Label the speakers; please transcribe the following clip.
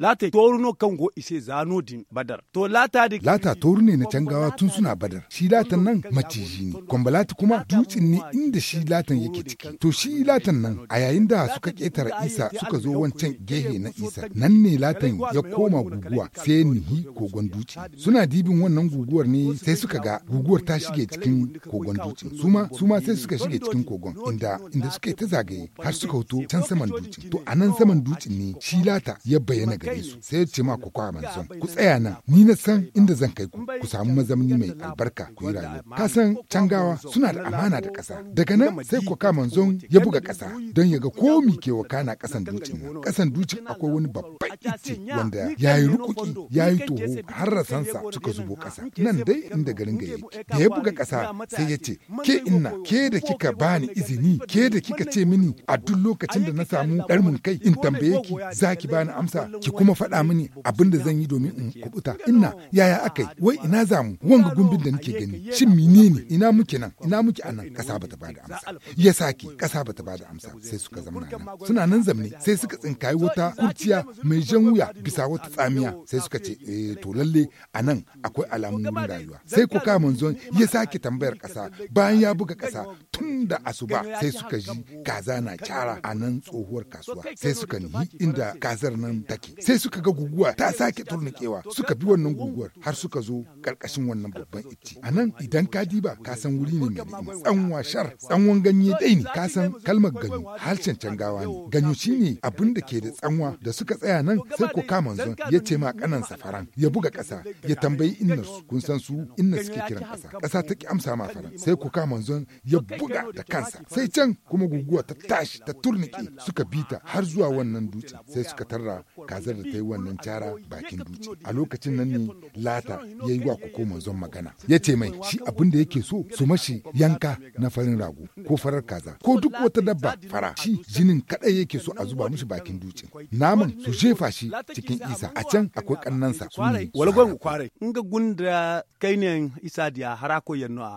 Speaker 1: lata toruno go ise zano din badar to lata da lata toru ne na cangawa tun suna badar shi latan nan maciji ne kwambalata kuma dutsen ne inda shi latan yake ciki to shi latan nan a yayin da suka ketara isa suka zo wancan gehe na isa nan ne latan ya koma guguwa sai nihi kogon dutse suna dibin wannan guguwar ne sai suka ga guguwar ta shige cikin kogon dutsen suma suma sai suka shige cikin kogon inda inda suka ta zagaye har suka hoto can saman dutsen to a nan saman dutsen ne shi lata ya bayyana gari kai su sai ya ce ma ku kwa manzon ku tsaya nan ni na san inda zan kai ku ku samu mazamni mai albarka ku yi rayuwa ka san cangawa suna da amana da ƙasa daga nan sai ku ka manzon ya buga ƙasa don ya ga ko mi ke wakana ƙasan dutsen ƙasan dutsen akwai wani babban iti wanda ya yi rukuki ya yi toho har rasansa suka zubo kasa nan dai inda garin ga yake da ya buga kasa sai ya ce ke inna ke da kika bani izini ke da kika ce mini a duk lokacin da na samu ɗarmin kai in tambaye ki za ki bani amsa ki kuma faɗa mini abin da zan yi domin in kubuta inna yaya akai wai ina zamu wanga gumbin da nake gani shin menene ina muke nan ina muke anan ƙasa bata bada amsa ya saki ƙasa bata bada amsa sai suka zama nan suna nan zamne sai suka tsinkayi wata kurciya mai jan wuya bisa wata tsamiya sai suka ce eh to lalle a nan akwai alamun rayuwa sai ko ka manzon ya sake tambayar kasa bayan ya buga kasa tun da asuba sai suka ji kaza na kyara a nan tsohuwar kasuwa sai suka nihi inda kazar nan take sai suka ga guguwa ta sake turnikewa suka bi wannan guguwar har suka zo karkashin wannan babban itti a nan idan ka diba ka san wuri ne mai ni'ima tsanwa shar tsanwan ganye dai ne ka san kalmar ganyo harshen can gawa ne ganyo shine abin da ke da tsanwa da suka tsaya nan sai ko kama zon ya ce ma kanansa faran ya buga ƙasa ya tambayi inna su kun san su inna suke kiran ƙasa ƙasa ta ki amsa ma faran sai ko kama zon ya buga da kansa sai can kuma guguwa ta tashi ta turnike suka bita har zuwa wannan dutse sai suka tarra kazar da ta yi wannan cara bakin dutse a lokacin nan ne lata ya yi wa koma manzon magana ya ce mai shi abin da yake so su mashi yanka na farin rago ko farar kaza ko duk wata dabba fara shi jinin kadai yake so a zuba mishi bakin dutse naman su jefa shi cikin isa a can akwai kannansa su ne walgon kware in ga gunda kai ne isa diya harako yanno a